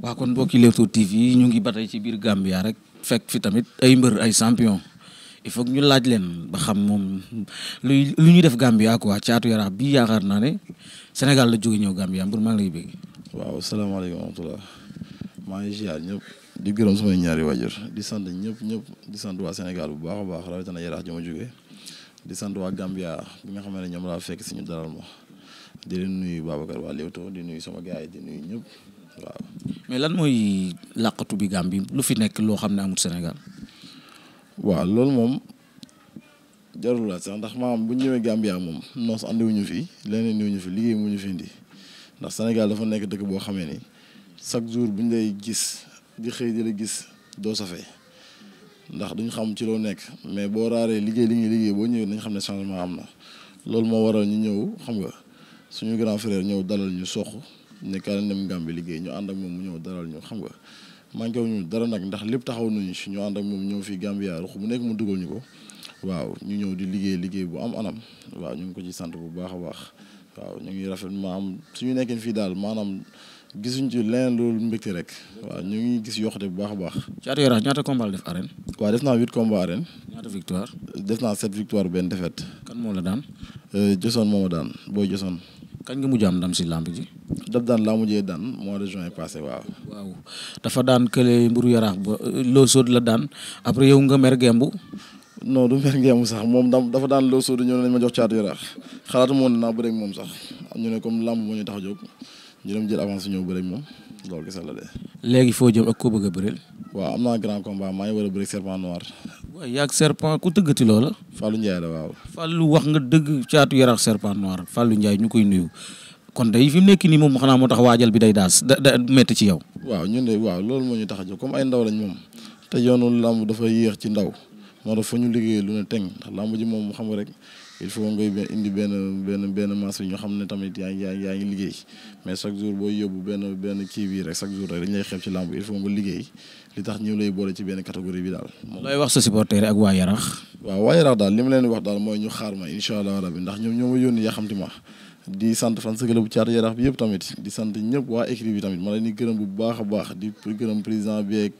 waaw kon mbokki Leewtoo TV ñu ngi ba tey ci biir Gambia rek fekk fi tamit ay mbër ay champion i faut ñu laaj leen ba xam moom luy lu ñuy def Gambia quoi caatu yaraax bi yaakaar naa ne Sénégal la jóge ñëw Gambia mbër maa ngi lay bëgg. waaw salaamaaleykum wa rahmatulah maa ngi ziar ñëpp di gërëm samay ñaari waajur di sant ñëpp ñëpp di sant waa Sénégal bu baax baax rawatina yaraax ji ma jóge di sant waa Gambia bi nga xam ne ñoom laa fekk si ñu dara ma di leen nuyu Babacar waa Leewtoo di nuyu sama gars yi di nuyu waaw mais lan mooy làqatu bi Gambie lu fi nekk loo xam ne amul Sénégal. waaw loolu moom jarul sax ndax am bu ñu ñëwee Gambia moom noos andiwuñu fi leneen ñëwuñu fi liggéey ñu fi indi ndax Sénégal dafa nekk dëkk boo xamee ni chaque jour bu ñu lay gis di xëy di la gis doo safee ndax duñu xam ci loo nekk mais boo raaree liggéey li ñuy liggéey boo ñëwee dañ xam ne changement am na loolu moo waral ñu ñëw xam nga suñu grand frère ñëw dalal ñu soq ne kaay dem Gambie liggéey ñu ànd moom mu ñëw daral ñu xam nga manqué wuñu dara nag ndax lépp taxaw nañu si ñu ànd moom ñëw fii Gambia ruq mu nekk mu dugal ñu ko waaw ñu ñëw di liggéey liggéey bu am anam waaw ñu ngi ko ci sant bu baax a baax waaw ñu ngi rafet maam ñu nekkee fii daal maanaam gisuñ ci leneen loolu mbégte rek waaw ñu ngi gis yokkute bu baax a baax. ci atu Yaraax ñaata combat def arène. waa def naa huit combat arène. ñaata victoire. def naa sept victoire benn défaite. kan moo la daan. Euh, Joson moo ma daan booy Joson. kañ nga mujj am ndam si lamb ji. daf daan laa mujjee daan mois de juin passé waaw. waaw dafa daan kële mburu yaraax ba loo sóod la daan après yow nga mer gembu. non du mer ngeemu sax moom dafa daan loo sóodu ñoo ne nañ ma jox caatu yaraax xalaatu moon naa bëreeg moom sax ñu ne comme làmb moo ñu tax a jóg ñu dem jël avance ñëw bëreeg moom loolu gis la léegi foo jëm ak koo bëgg a bëreel. waaw am naa grand combat maa ngi war a bëreeg serpent noir. waaw yaa ak serpent ku tëggati loola. Fallou Ndiaye la waaw. Fallou wax nga dëgg caatu yaraax serpent noir Fallou Ndiaye ñu koy nuyu kon day fi mu nekk nii moom xanaa moo tax waajal bi day daas da da métti ci yow. waaw ñun de waaw loolu moo ñu tax a jóg comme ay ndaw lañ moom te yoonu làmb dafa yéex ci ndaw moo tax fa ñu liggéeyee lu ne teg ndax làmb ji moom xam nga rek il faut ngay indi benn benn benn masse bi ñu xam ne tamit yaa ngi yaa ngi liggéey mais chaque jour boo yóbbu benn benn kii bii rek chaque jour rek dañ lay xeeb ci làmb il faut nga liggéey li tax ñu lay boole ci benn catégorie bi daal. looy wax sa supporter ak waa Yarax. waaw waa Yarax daal li ma leen wax daal mooy ñu xaar ma incha allah rabi ndax ñoom ñoo ma yónni yaa xam ti di sant fan sa club bu Caatu bi yëpp tamit di sant ñëpp waa écrit bi tamit ma leen di gërëm bu baax a baax di gërëm président bi ak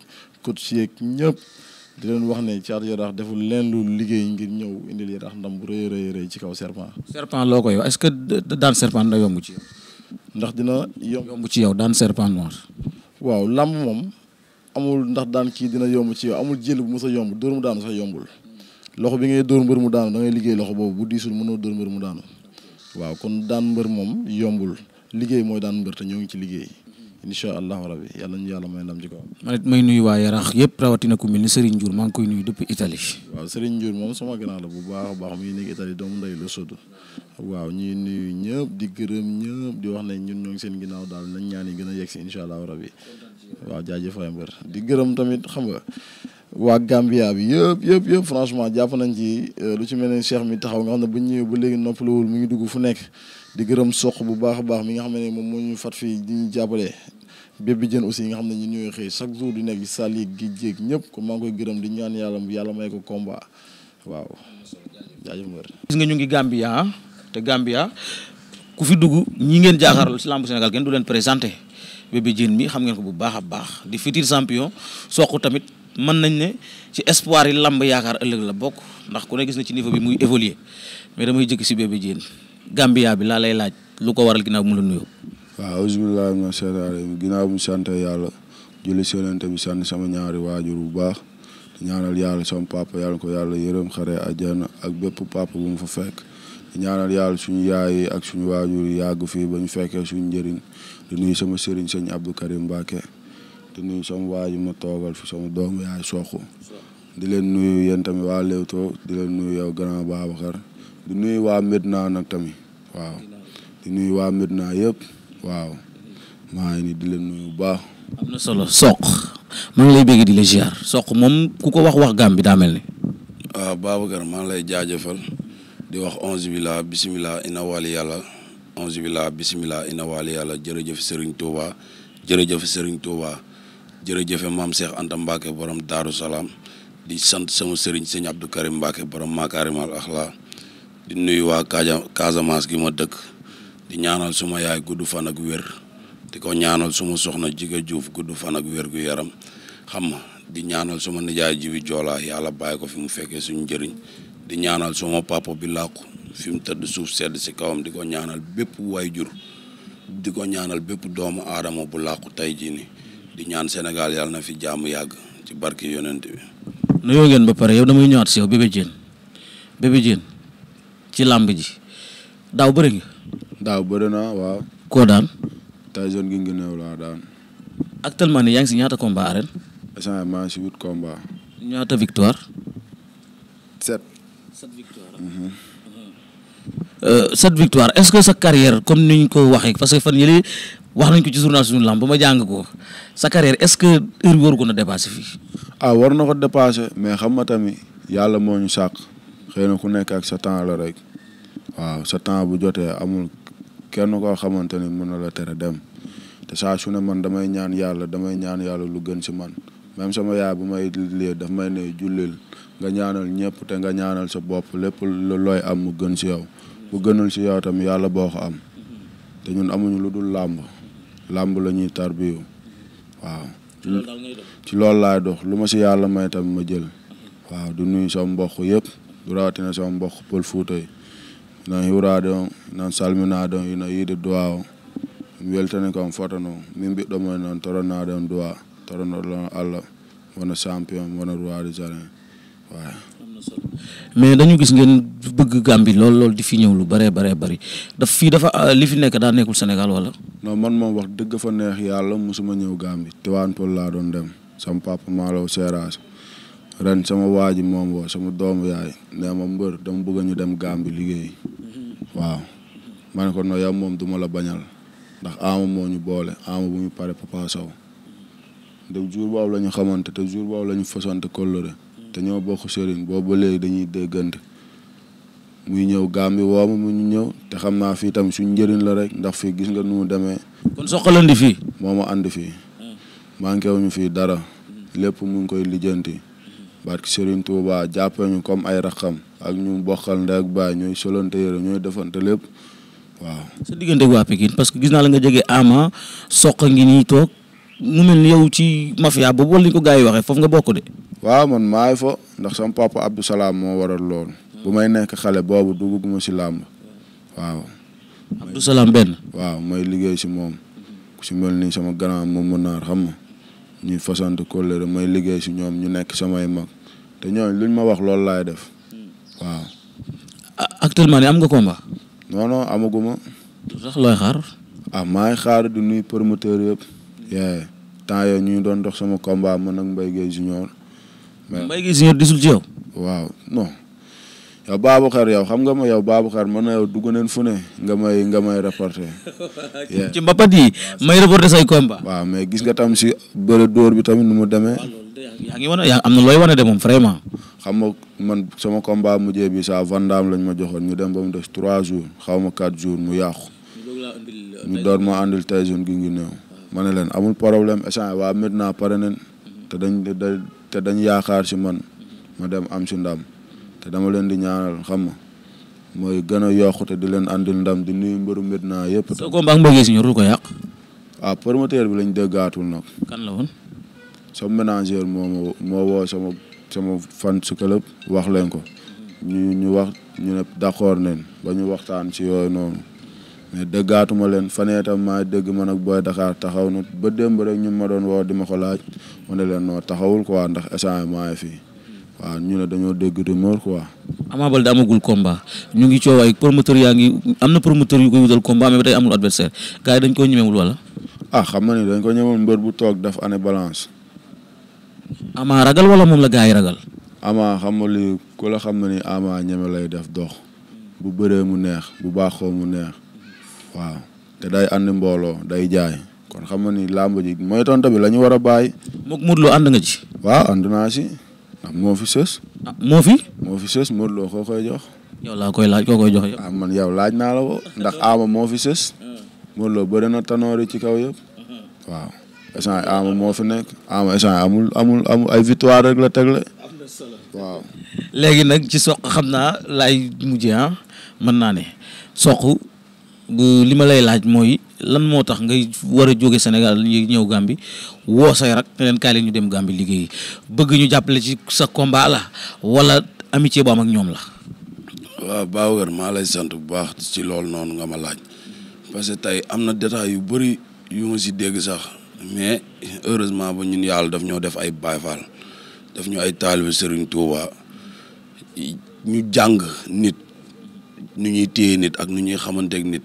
coach yeeg ñëpp di leen wax ne Caatu Yaraax deful leen lu liggéey ngir ñëw indi Yaraax ndam bu rëy rëy ci kaw serpent. serpent loo ko yow est-ce que daan serpent na yomb ci yow. ndax dina yomb ci yow daan serpent noir. waaw làmb moom amul ndax daan kii dina yomb ci yow amul jël bu mu a yomb dóor mu daanu sax yombul loxo bi ngay dóor mbër mu daanu da ngay liggéey loxo boobu bu diisul mënoo dóor mbër mu daanu. waaw kon daan mbër moom yombul liggéey mooy daan mbër te ñoo ngi ci liggéey. incha allahu rabi yàlla ñu yàlla may ndam ci kaw. man it may nuyu waa Yarax yëpp rawatina ku mel ni Serigne Ndiour maa ngi koy nuyu depuis Italie. waaw Serigne Ndiour moom sama grand la bu baax a baax mi ngi nekk Italie doomu ndey la sodu waaw ñuy nuyu ñëpp di gërëm ñëpp di wax ne ñun ñoo seen ginnaaw daal nañ ñaan yi gën a yegg si incha allahu rabi waaw jaajëf waay mbër di gërëm tamit xam nga. waa Gambia bi yëpp yëpp yëpp franchement jàpp nañ ci euh, lu ci mel ne Cheikh mi taxaw nga xam ne bu ñëwee ba léegi noppalawul mu ngi dugg fu nekk di gërëm soq bu baax a baax mi nga xam ne moom moo ñu fat fii ñu jàppale bépp jën aussi nga xam ne ñu ñooy xëy chaque jour di nekk di gi jéeg ñëpp ko maa ngi koy gërëm di ñaan yàlla yàlla may ko combat waaw jaajëf mbër gis nga ñu ngi Gambia ah, te Gambia ku fi dugg ñi ngeen jaaxaaral si lamb Sénégal kenn du leen présenté bébé jën mi xam ngeen ko bu baax a baax di futur champion soq tamit man nañ ne ci espoir yi lamb yaakaar ëllëg la bokk ndax ku ne gis na ci niveau bi muy évoluer mais damay jëkk si bi Diène Gambia bi laa lay laaj lu ko waral ginnaaw mu la nuyoo. waaw bismillah ma seetaan ginnaaw mu sant yàlla julli si yonent bi sant sama ñaari waajur bu baax di ñaanal yàlla sama papa yàlla ko yàlla yërëm xare àjjana ak bépp papa bu mu fa fekk. di ñaanal yàlla suñu yaay ak suñu waajur yàgg fii ba ñu fekkee suñu njëriñ di nuyu sama sëriñ sëñ Abdou Karim Mbacke. di nuyu sama waa ji ma toogal fi sama doomu yaay soxu di leen nuyu yéen tamit waa Leewtoo di leen nuyu yow grand Babacar di nuyu waa Medina nag tamit waaw di nuyu waa Medina yëpp waaw maa ngi di leen nuyu bu baax. soq maa lay bëgg di la ziar soq moom ku ko wax wax gàmm bi daa mel ni. waaw ah, Babacar maa ngi lay jaajëfal di wax onze billah bisimilah ina wali yàlla onze bisimilah ina wali yàlla jërëjëf Serigne Touba jërëjëf Serigne Touba. jërëjëfe maam Cheikh Anta Mbacke borom Daaru Salaam di sant sama sëriñ sëñ Abdou Karim Mbacke borom Makaarimal Axlaa di nuyu waa Kaaja Casamance gi ma dëkk di ñaanal suma yaay gudd fan ak wér di ko ñaanal suma soxna Jiga Diouf gudd fan ak wér yaram xam ma di ñaanal suma nijaay jiwi Joolaa yàlla bàyyi ko fi mu fekkee suñu njëriñ di ñaanal suma papa bi làqu fi mu tëdd suuf sedd si kawam di ko ñaanal bépp way jur di ko ñaanal bépp doomu aadama bu làqu tey jii nii. di ñaan Sénégal yàlla na fi jàmm yàgg ci barke yonent bi. nuyoo ngeen ba pare yow damay ñëwaat si yow Bébé Diène ci làmb ji daaw bëri nga. daaw bëri na waaw. koo daan. Tyson gi ngi néew laa daan. actuellement nii yaa ngi si ñaata combat arène. échange ñaata victoire. sept. Ah. Euh, sept victoire. est-ce que sa carrière comme ni ko waxee parce que fan yële wax nañ ko ci journal suñu lamb ba ma jàng ko sa carrière est-ce que heure bi ko na dépassé fi ah war na ko dépassé mais xam nga tamit yàlla moo ñu sàq xëy na ku nekk ak sa temps la rek waaw sa temps bu jotee amul kenn koo xamante ni mën na la tere dem te saa su ne man damay ñaan yàlla damay ñaan yàlla lu gën si man même sama yaay bu may lii daf may ne jullil nga ñaanal ñëpp te nga ñaanal sa bopp lépp looy am mu gën si yow bu gënul si yow tamit yàlla boo ko am te ñun amuñu lu dul làmb làmb la ñuy tarbiyu waaw. ci loolu laay dox lu ma si yàlla may tamit ma jël. waaw du nuyu sama mbokk yëpp du rawatina sama mbokk pël Fuuta yi non hiwraɗo noon salminaɗon ino yiide duwa o mi weltani kam fotano min mbiɗɗomo noon toronaɗon duwa toronoɗon allah wona champion wona roi des arènes wawi mais dañu gis ngeen bëgg Gambie lool lool di fi ñëw lu bëree bëree bëri daf fii dafa euh, li fi nekk daa nekkul Sénégal wala. non man moom wax dëgg fa neex yàlla mosuma ñëw Gambie Tivaouane Peulh laa doon dem sama papa Malaw Seras ren sama waa ji moom sama doomu yaay nee ma mbër dama bëgg ñu dem Gambie liggéey waaw ma ne ko no yow moom duma la bañal ndax ama moo ñu boole ama bu ñu pare Papa Sow de jour boobu la ñu xamante te jour boobu la ñu fasante te ñoo bokk sëriñ boobu léegi dañuy déggante muy ñëw gaam bi woo mu ñëw te xam naa fii tam suñ njëriñ la rek ndax fii gis nga nu mu demee. kon soqalandi fii. moo ma andi fii. manqué wuñu fii dara. lépp mu koy lijjanti. barke Serigne Touba jàppee ñu comme ay raxam ak ñu bokkal ndey ak baay ñooy solante yére ñooy defante lépp waaw. sa diggante ak waa Pikine parce que gis naa la nga jege Ama soq ngi nii toog mu mel ni yow ci mafia boobu ni ko gars yi waxee foofu nga bokk de. waaw man maay fo ndax sama papa Abdou Salaam moo waral lool bu may nekk xale boobu dugguma si làmb waaw. Abdou Salaam benn. waaw may liggéey si moom. ku si mel ni sama grand moom mu naar xam nga ñuy fasante kóllëre may liggéey si ñoom ñu nekk samay mag te ñooñu luñ ma wax loolu laay def waaw. actuellement ni am nga combat. non non amaguma. sax looy xaar. ah maay xaar du nuy promoteur yëpp. yeah temps yooyu ñu doon dox sama combat man ak Mbaye Guèye junior. mais Mbaye Guèye junior disul ci yow. waaw non yow Babacar yow xam nga ma yow Babacar man na yow dugg neen fu ne nga may nga may reporté. ci mbapat yi may reporté say combat. waaw mais gis nga tam si bëre dóor bi tamit nu mu demee. yaa ngi wane yaa am na looy wane de moom vraiment. xam nga man sama combat mujjee bi sa Vandam lañ ma joxoon ñu dem ba mu des trois jours xaw ma quatre jours mu yàqu. ñu euh, door ma andil Tyson gi ngi néew. ma ne leen amul problème échange waa Medina pare nañ te dañ te dañ yaakaar si man ma dem am si ndam te dama leen di ñaanal xam nga mooy gën a yokk te di leen andil ndam di nuyu mbëru Medina yëpp. soo ko mbaa mbëggee si ñorul ko yàq. ah promoteur bi lañ déggaatul nag. kan la woon. sama manager moo moo woo sama sama fan su club wax leen ko. ñu ñu wax ñu ne d'accord nañ ba ñu waxtaan ci yooyu noonu. mais dëggaatuma leen faneetam tam maa dëgg man ak booy Dakar taxaw na ba démb rek ñu ma doon woo di ma ko laaj ma leen noo taxawul ko quoi ndax échange maa ngi fii waaw ñu ne dañoo dégg rumeur quoi. Ama Baldé amagul combat ñu ngi coow ay promoteur yaa ngi am na promoteur yu koy wutal combat mais ba tey amul adversaire yi dañ ko ñemewul wala. ah xam nga ni dañ ko ñemewul mbër bu toog def année balance. Ama ragal wala moom la gars yi ragal. Ama xam nga li ku xam na ni Ama ñeme lay def dox. bu bëree mu neex bu baaxoo mu neex. waaw te day ànd mbooloo day jaay kon xam nga ni làmb ji mooy tontu bi la ñu war a bàyyi. moog Modou ànd nga ci. waaw ànd naa ci ndax moo fi sës. ah moo fi. moo fi sës Modou Lo koo laa koy laaj koo koy jox yow. ah man yow laaj naa la ko ndax Ama moo fi sës. Mm. bëri na tanoori ci kaw yëpp. Mm-hmm. waaw échange Ama moo fi nekk Ama échange amul amul amul ay victoire rek la tegle. nag ci soq xam naa laay mujjee ah mën naa ne li ma lay laaj mooy lan moo tax ngay war a jóge Sénégal ñëw gàmbi woo say rak ne leen kaay leen ñu dem Gambie liggéeyi bëgg ñu jàppale ci sa combat la wala amitié ak ñoom la. waaw Babacar maa lay sant bu baax ci lool noonu nga ma laaj parce que tey am na détails yu bëri yu ma si dégg sax mais heureusement ba ñun yàlla daf ñoo def ay Baay Faal daf ñu ay taalibe Serigne Touba ñu jàng nit nu ñuy téye nit ak nu ñuy xamanteeg nit.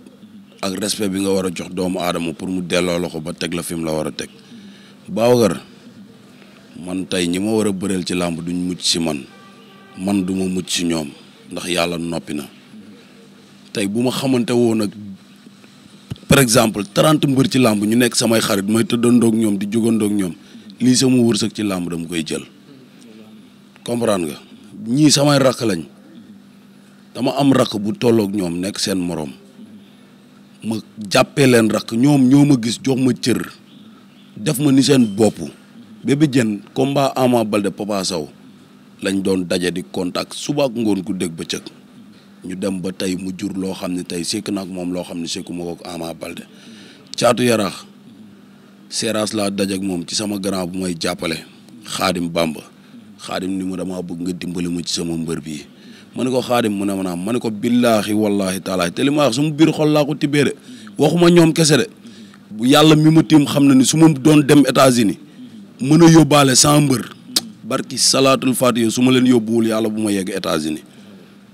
ak respect bi nga war a jox doomu aadama pour mu delloo loxo ba teg la fi mu la war a teg Babacar man tey ñi ma war a bëreel ci làmb duñ mucc si man man du ma mucc si ñoom ndax yàlla noppi na tey bu ma xamante woon ak par exemple trente mbër ci làmb ñu nekk samay xarit may tëddandoog ñoom di jógandoog ñoom lii sama wërsëg ci làmb dama koy jël comprendre nga ñii samay rakk lañ dama am raq bu tolloog ñoom nekk seen moroom ma jàppee leen rakk ñoom ñoo ma gis jox ma cër def ma ni seen bopp Bébé Diène combat Ama Baldé Papa Sow lañ doon daje di contact suba ngoon ku dégg ba cëg ñu dem ba tey mu jur loo xam ne tey sekk na ak moom loo xam ne sekku ma ko ak caatu yaraax seeraas laa daje ak moom ci sama grand bu may jàppale xaadim Bamba xaadim ni mu damaa bëgg nga dimbali ma ci sama mbër bii ma ko xaadim mu ne ma naam ma ne ko billaahi wallaahi taalaahi te li ma wax su mu biir xol laa ko tibbee de waxuma ñoom kese de yàlla mi ma tiim xam na ni su ma doon dem états mën a yóbbaale sans mbër barki salaatul fatiha su leen yóbbuwul yàlla bu ma yegg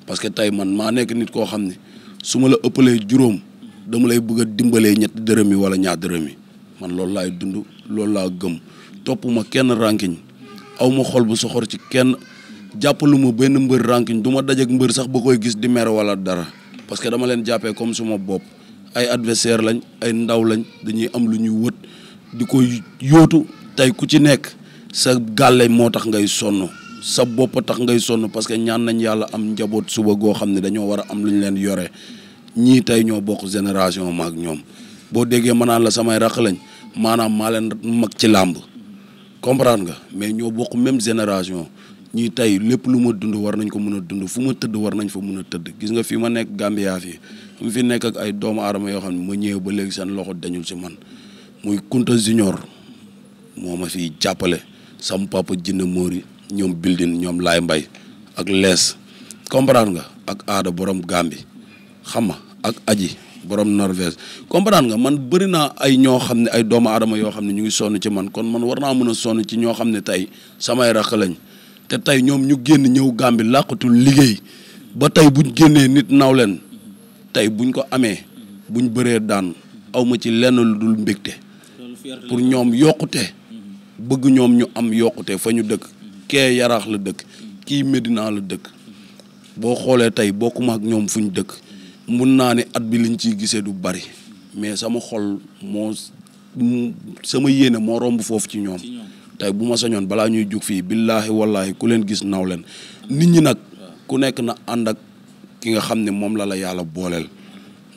parce que tey man maa nekk nit koo xam ne su ma la ëppalee juróom dama lay bëgg a dimbalee ñett dërëm yi wala ñaar dërëm yi man loolu laay dund loolu laa gëm topp kenn rànkiñ aw xol bu soxor ci kenn jàppaluma benn mbër ranking du ma daj mbër sax ba koy gis di mer wala dara parce que dama leen jàppee comme suma bopp ay adversaire lañ ay ndaw lañ dañuy am lu ñuy wët di ko yootu tey ku ci nekk sa gàlle moo tax ngay sonn sa bopp tax ngay sonn parce que ñaan nañ yàlla am njaboot suba goo xam ne dañoo war a am lu ñu leen yore ñii tey ñoo bokk génération maak ñoom boo déggee ma naan la samay raq lañ maanaam maa leen mag ci làmb comprendre nga mais ñoo bokk même génération ñuy tey lépp lu ma dund war nañ ko mën a dund fu ma tëdd war nañ fa mën a tëdd gis nga fi ma nekk Gambia fi fi nekk ak ay doomu aadama yoo xam ne ma ñëwee ba léegi seen loxo dañul si muy Kunta Junior moo ma fiy jàppale sam papa Jinna Mori ñoom Bildin ñoom Laay Mbay ak lees comprendre nga ak aada borom Gambi xam nga ak aji borom Norvège comprendre nga man bëri naa ay ñoo xam ne ay doomu adama yoo xam ne ñu ngi sonn ci man kon man war naa mën a sonn ci ñoo xam ne tey samay rakk te tey ñoom ñu génn ñëw Gàmbi làqatul liggéey ba tey buñ génnee nit naw leen tey buñ ko amee buñ bëree daan awma ci lenn lu dul mbégte pour ñoom yokkute bëgg ñoom ñu am yokkute fa ñu dëkk kee yaraax la dëkk kii Medina la dëkk boo xoolee tey bokkuma ak ñoom fuñ dëkk mun naa ne at bi liñ ciy gisee du bari mais sama xol moo sama yéene moo romb foofu ci ñoom tey bu ma sañoon balaa ñuy jug fii billaahi wallaahi ku leen gis naw leen nit ñi nag ku nekk na ànd ak ki nga xam ne moom la la yàlla booleel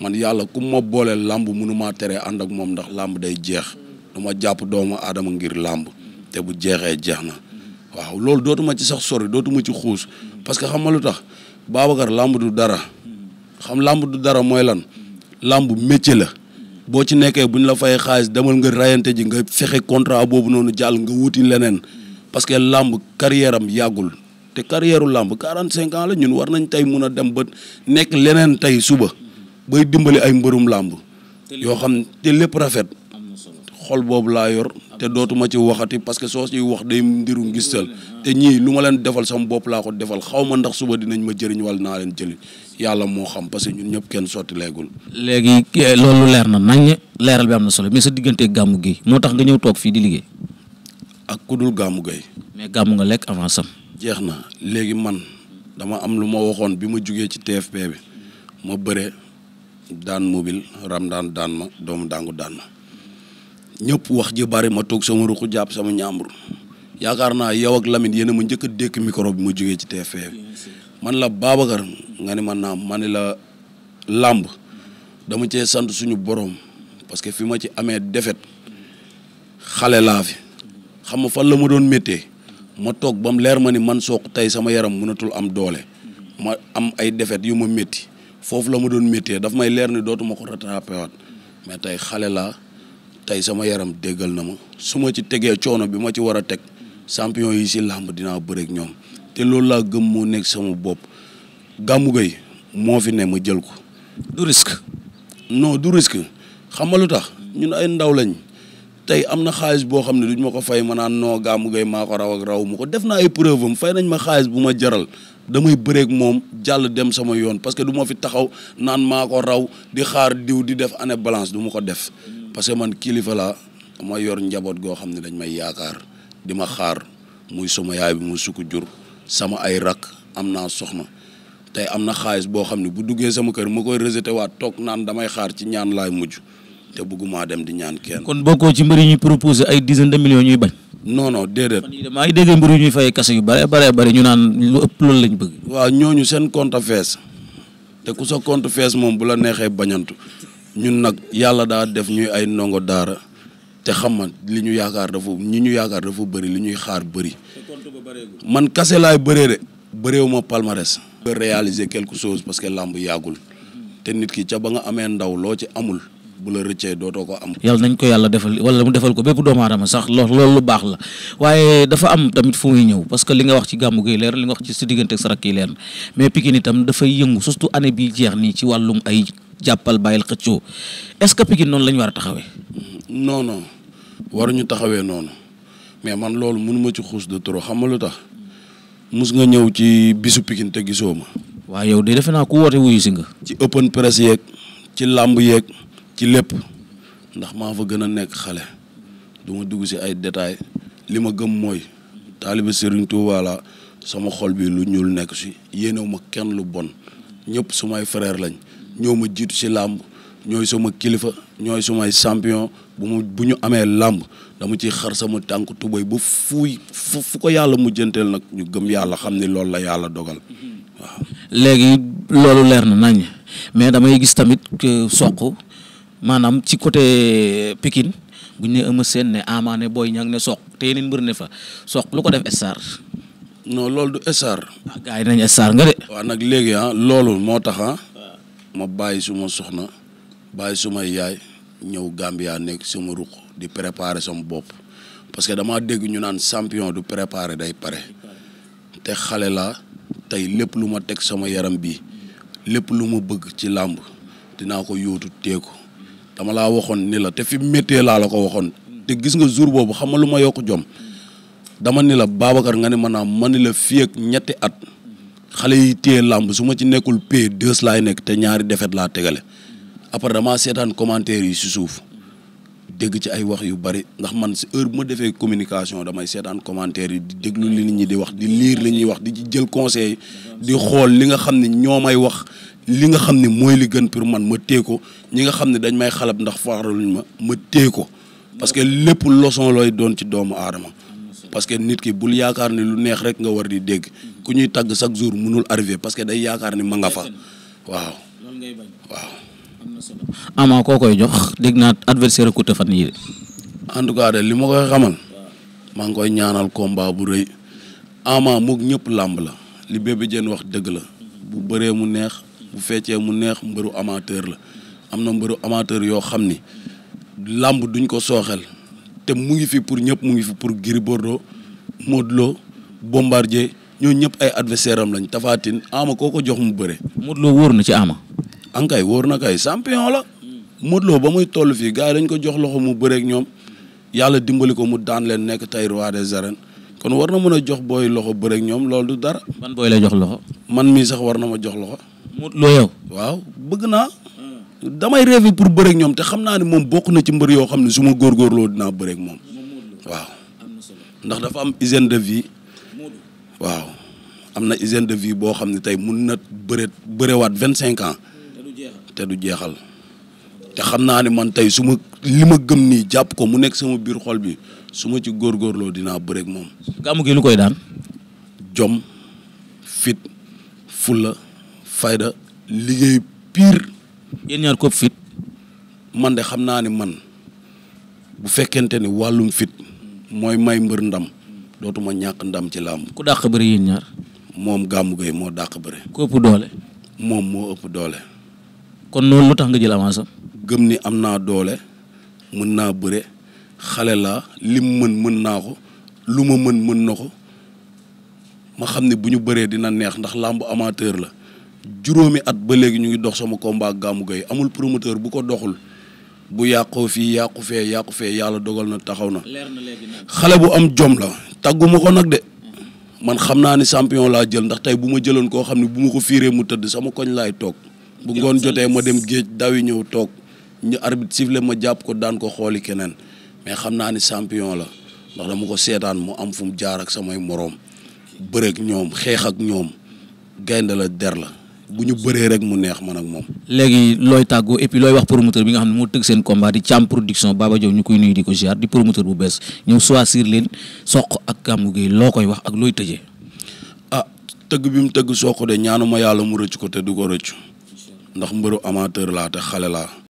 man yàlla ku ma booleel làmb mënumaa teree ànd ak moom ndax làmb day jeex dama jàpp doomu aadama ngir làmb te bu jeexee jeex na waaw loolu dootuma ci sax sori dootuma ci xuus parce que xam nga lu tax Babacar làmb du dara xam làmb du dara mooy lan làmb métier la boo ci nekkee bu ñu la fayee xaalis demal nga rayante ji nga fexe contrat boobu noonu jàll nga wuti leneen parce que làmb carrière am yàggul te carrière làmb quarante cinq ans la ñun war nañ tey mun a dem ba nekk leneen tey suba bay dimbali ay mbërum làmb yoo xam te lépp rafet xol boobu laa yor te dootuma ci waxati parce que soo ciy wax day ndiru ngistal te ñii lu ma leen defal sama bopp laa ko defal xaw ma ndax suba dinañ ma jëriñ wala naa leen jëriñ yàlla moo xam parce que ñun ñëpp kenn sotti leegul. léegi eh, loolu leer na nañ leeral bi am na solo mais sa diggante gàmmu gi moo tax nga ñëw toog fii di liggéey. ak ku dul gàmmu gay. mais gàmmu nga lekk avance am. jeex na léegi man dama am lu ma waxoon bi ma jugee ci TFP bi ma bëre daan mobile daan daan ma doomu daangu daan ma. ñëpp wax ji bari ma toog sama ruq jàpp sama ñaambur yaakaar naa yow ak Lamine yéen ma njëkk a dékk micro bi ma jógee ci TFM man la Babacar nga ni man naam ma ni la làmb dama cee sant suñu borom parce que fi ma ci amee defet xale laa xam nga fan la ma doon méttee ma toog ba mu leer ma ni man soog tey sama yaram mënatul am doole ma am ay defet yu ma métti foofu la ma doon méttee dafa may leer ni dootuma ko rattrapé waat mais tey xale laa tey sama yaram déggal na ma su ma ci tegee coono bi ma ci war a teg champion yi si làmb dinaa bëreek ñoom te loolu laa gëm moo nekk sama bopp Gamou Gueye moo fi ne ma jël ko du risque du risque xam nga lu tax ñun ay ndaw lañ tey am na xaalis boo xam ne duñ ma ko fay ma naan noo Gamou Gueye maa ko raw ak raw ma ko def naa ay preuve mu fay nañ ma xaalis bu ma jaral damay bëreek moom jàll dem sama yoon parce que du ma fi taxaw naan maa ko raw di xaar diw di def année balance du ma ko def parce que man kilifa laa ma yor njaboot goo xam ne dañ may yaakaar di ma xaar muy suma yaay bi mu sukk jur sama ay rak am naa soxna te am na xaalis boo xam ne bu duggee sama kër ma koy rejeté waat toog naan damay xaar ci ñaan laay mujj te bëgguma dem di ñaan kenn. kon boo bokkoo ci mbir yi ñuy proposé ay dizaine de millions ñuy bañ. non non déedéet. maa ngi dégg mbir yu ñuy fay kase yu bare bare ñu naan lu ëpp loolu lañ bëgg. waaw ñooñu seen compte fees te ku sa conte fees moom bu la neexee bañantu. ñun nag yàlla daa def ñuy ay nongo daara te xam ma li ñu yaakaar dafa ñi ñu yaakaar dafa bëri li ñuy xaar bëri man kase laay bëree de bëreewu ma palmarès réaliser quelque chose parce que làmb yàggul te nit ki ca ba nga amee ndaw loo ci amul bu la rëccee dootoo ko am. yàlla nañ ko yàlla defal wala mu defal ko bépp doomu aadama sax loolu lu baax la waaye dafa am tamit fu muy ñëw parce que li nga wax ci gàmmu gi leer li nga wax ci sa diggante ak sa rakk yi leer mais Pikine itam dafay yëngu surtout année bi jeex nii ci wàllum ay jàppal bàyyil xëccoo est-ce que Pikine noonu la ñu war a taxawee. noonu non ñu taxawee noonu mais man loolu munuma ci xuus de trop xam nga lu tax mus nga ñëw ci bisu Pikine te gisoo ma. waaw yow de defe naa ku woote wuyu si nga. ci open press yeeg ci làmb yeeg ci lépp ndax maa fa gën a nekk xale du dugg si ay détails li ma gëm mooy taaliba Serigne Touba la sama xol bi lu ñuul nekk si yéenew ma kenn lu bon ñëpp sumay frère lañ. ñoo ma jiitu si làmb ñooy sama kilifa ñooy sumay champion bu mu bu ñu amee làmb dama ci xar sama tànk tubéy ba fuuy fu ko yàlla mujjanteel nag ñu gëm yàlla xam ni loolu la yàlla dogal léegi loolu leer na nañ mais damay gis tamit soq maanaam ci côté Pikine gu ñu nee Eumeu Sène ne Ama ne Boy ne soq te yeneen mbër ne fa soq lu ko def star. non loolu du star. a ah, gars nañ star nga de. waaw nag léegi ah loolu moo tax ah, ma bàyyi suma soxna bàyyi sumay yaay ñëw Gambia nekk sama ruq di préparer sama bopp parce que damaa dégg ñu naan champion du préparer day pare te xale laa tey lépp lu ma teg sama yaram bi lépp lu ma bëgg ci làmb dinaa ko yóotu teeku dama laa waxoon ni la te fi méttee laa la ko waxoon te gis nga jour boobu xam nga lu ma yokk jom dama ni la Babacar nga ne maanaam ma ni la fii ñetti at xale yi téye làmb su ma ci nekkul p deux laay nekk te ñaari defet laa tegale après dama seetaan commentaire yi si suuf dégg ci ay wax yu bari ndax man si heure bu ma defee communication damay seetaan commentaire yi di déglu li nit ñi di wax di liir li ñuy wax di ci jël conseil di xool li nga xam ne ñoo may wax li nga xam ni mooy li gën pour man ma téye ko ñi nga xam ne dañ may xalab ndax faaraluñ ma ma téye ko parce que lépp leçon looy doon ci doomu aadama parce que nit ki bul yaakaar ne lu neex rek nga war di dégg ku ñuy tàgg chaque jour munul arriver parce que day yaakaar ni manga nga fa waaw. loolu ngay bañ Ama koo koy jox dégg naa adversaire ku te fan yii en tout cas de li ma koy xamal. maa ngi koy ñaanal combat bu rëy. Ama moog ñëpp làmb la. li Bébé Diène wax dëgg la. bu bëree mu neex. bu feccee mu neex mbëru amateur la. am na mbaru amateur yoo xam ni. làmb duñ ko sooxel. te mu ngi fi pour ñëpp mu ngi fi pour Gris Bordeaux Modou ñoo ñëpp ay adversaire am lañ Tapha Tine Ama koo ko jox mu bëre. Modou Lo wóor na ci Ama. ankay wóor na kay champion la. Modou ba muy toll fii gars yi dañ ko jox loxo mu bëreeg ñoom yàlla dimbali ko mu daan leen nekk tey roi des arènes kon war na mun a jox booy loxo bëreeg ñoom lool du dara. man booy lay jox loxo. man mii sax war na ma jox loxo. Modou Lo yow. waaw bëgg naa. damay rêvé pour bëreeg ñoom te xam naa ne moom bokk na ci mbër yoo xam ne su ma góorgóorloo dinaa bëreeg moom. waaw ndax dafa am de vie waaw am na hygiène de vie boo xam ne tey mun na bëre bërewaat vingt cinq ans te du jeexal te xam naa ne man tey su ma li ma gëm nii jàpp ko mu nekk sama biir xol bi su ma ci góorgóorloo dinaa bëreeg moom. gàmmu gi lu koy daan. jom fit fulla fayda liggéey pire. yéen ñaar ko fit. man de xam naa ne man bu fekkente ni wàllum fit mooy may mbër ndam. dootuma ñàkk ndam ci làmb ku dàq bëri yéen ñaar. moom Gamou Gueye moo dàq bëre ku ëpp doole. moom moo ëpp doole. kon loolu lu tax nga jël avance am. gëm ni am naa doole mën naa bëre xale laa lim mën mën naa ko lu ma mën mën na ma xam ne bu ñu bëree dina neex ndax làmb amateur la juróomi at ba léegi ñu ngi dox sama combat Gamou Gueye amul promoteur bu ko doxul. bu yàqoo fii yàqu fee yàqu fee yàlla dogal na taxaw na xale bu am jom la tàgguma ko nag de man xam naa ni champion laa jël ndax tey bu ma jëloon koo xam ne bu ma ko fiiree mu tëdd sama koñ laay toog bu ngoon jotee ma dem géej dawi ñëw toog ñu arbitre sifflé ma jàpp ko daan ko xooli keneen mais xam naa ni champion la ndax dama ko seetaan mu am fu mu jaar ak samay moroom bërëg ñoom xeex ak ñoom gaynde la der la bu ñu bëree rek mu neex ma nag moom. léegi looy tàggoo et looy wax promoteur bi nga xam ne moo tëgg seen combat di Thiam production Baba Diop ñu koy nuyu di ko ziar di promoteur bu bees ñëw choisir leen soq ak Gamou Gueye loo koy wax ak looy tëjee. ah tëgg bi mu tëgg soq de ñaanuma yàlla mu rëcc ko te du ko rëcc ndax mbëru amateur laa te xale laa